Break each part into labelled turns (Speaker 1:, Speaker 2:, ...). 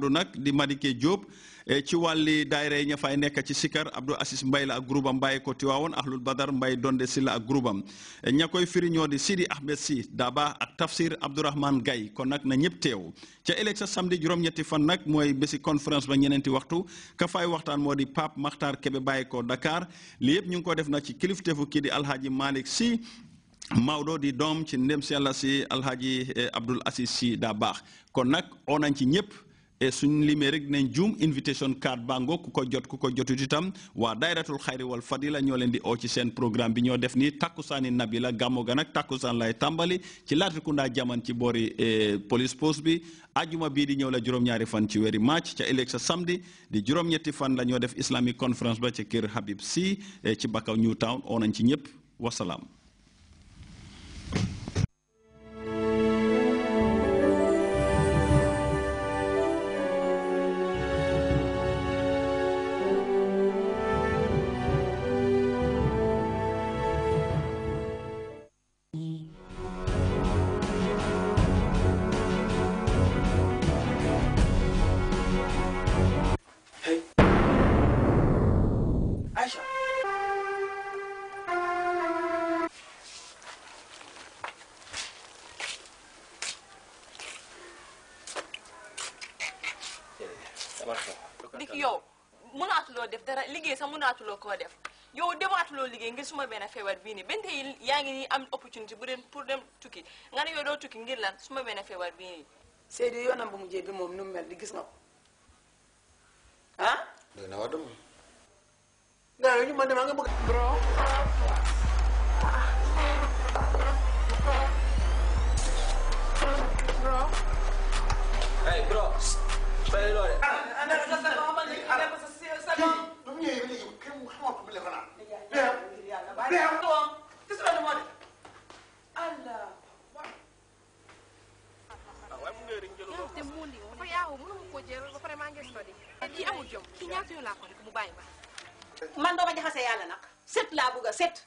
Speaker 1: Abdou nak di Madike Diop eh, ci wàlli daire yi ña fay nekk ci Sikar Abdou Assis Mbay la groupam ko tiwawon Ahlul Badar Mbay Donde sila ak groupam eh, ña koy di Sidi Ahmed Si Daba ak Tafsir Abdourahman Gay kon nak na ñëpp tew ci election samedi juroom ñetti fan nak moy besi conference ba ñenenti waxtu ka fay waxtaan modi di Pape Makhtar Kebe bàyyi ko Dakar li yëpp ñu ko def na ci ki di Alhaji Malik Si Maudo di Dom ci ndem ci yàlla ci Alhaji eh, Abdul Asis Si daa Konak kon nak onan ci e suñ limee rek nañ juum invitation card bango ku ko jot ku ko jotut itam waa dayratul xayri wal fadila ñoo leen di oo ci seen programme bi ñoo def nii takkusaani nabi la gàmmo ga nag takkusaan lay tàmbali ci Latrikunda jaman ci boori e, police post bi ajuma bii di ñëw la juróom-ñaari fan ci weeri match ca ëllëg sa samedi di juróom-ñetti fan la ñoo def islamic conference ba ca kër Habib Sy e, ci Bakau New Town nañ ci ñëpp wasalaam dik yow mënaatuloo def dara liggéey sax mënaatuloo koo def yow demaatuloo liggéey ngir suma benn feebar bii nii bente yi yaa ngi nii am opportunité bu dem pour dem tukki nga ne yow doo tukki ngir la suma benn feebar bii nii Seydou yoonam bu mujjee bi moom nu mel di gis nga ko ah jël ba pare maa ngi study kii amul jom man doo ma jaxase yàlla nag set laa bëgg a set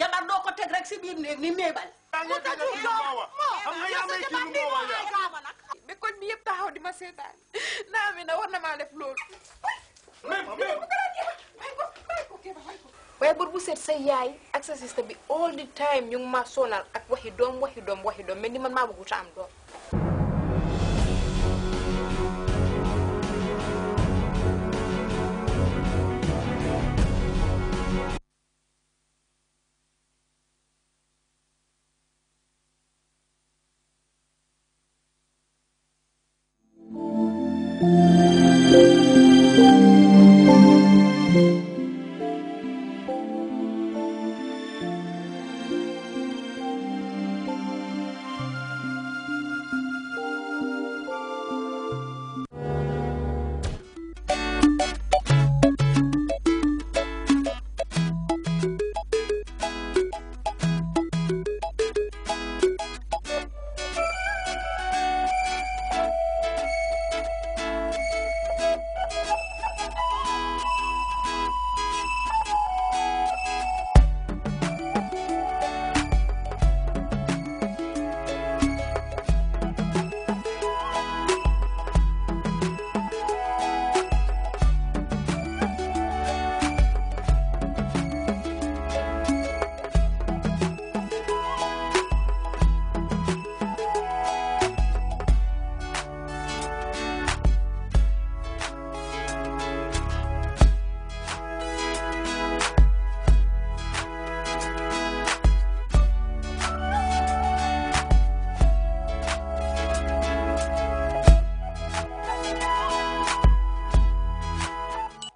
Speaker 1: jabar doo ko teg rek si biir néeg ni méebal ko tegu bi yëpp taxaw di ma seetaan naa mi na war na maa def loolu waaye bur bu seet sa yaay ak sa sista bi all the time ñu ngi ma sonal ak waxi doom waxi doom waxi doom mel ni man maa bëggut a am doom
Speaker 2: Thank you.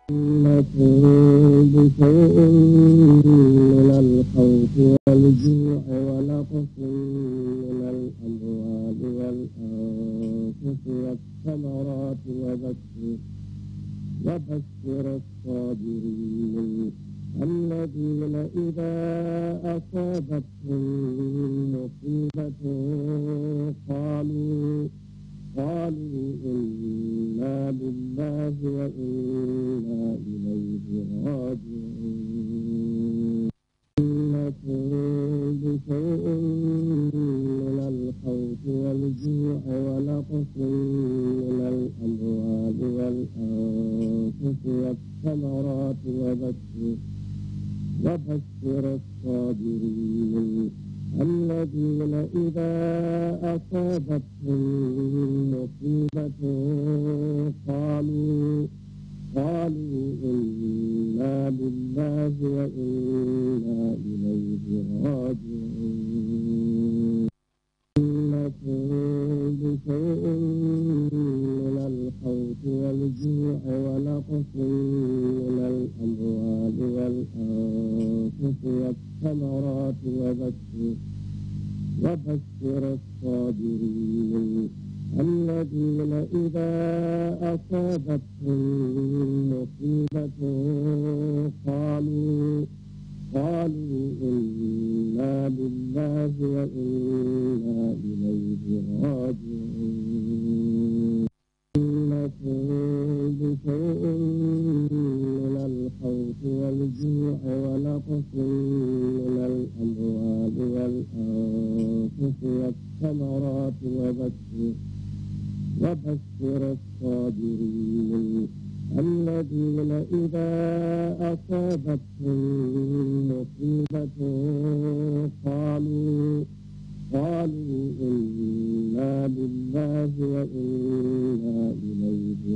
Speaker 2: بشيء من الخوف والجوع ونقص الأموال والأنفس والثمرات وبشر وبشر الصابرين الذين إذا أصابتهم مصيبة قالوا قالوا إن كتاب الله وإنا إليه راجعون إنكم بشيء من الخوف والجوع ونقص من الأموال والأنفس والثمرات وبشر وبشر الصابرين الذين إذا أصابتهم مصيبة قالوا إنا بالله وإنا إليه راجعون إنكم بشيء من الخوف والجوع ونقص من الأموال والأنفس والثمرات وبشر وبشر الصابرين الذين إذا أصابتهم مصيبة قالوا قالوا إنا لله وإنا إليه راجعون إنكم بشيء من الخوف والجوع ونقص من الأموال والأنفس والثمرات وبشر وبشر الصابرين الذين إذا أصابتهم مصيبة قالوا قالوا إنا لله وإنا إليه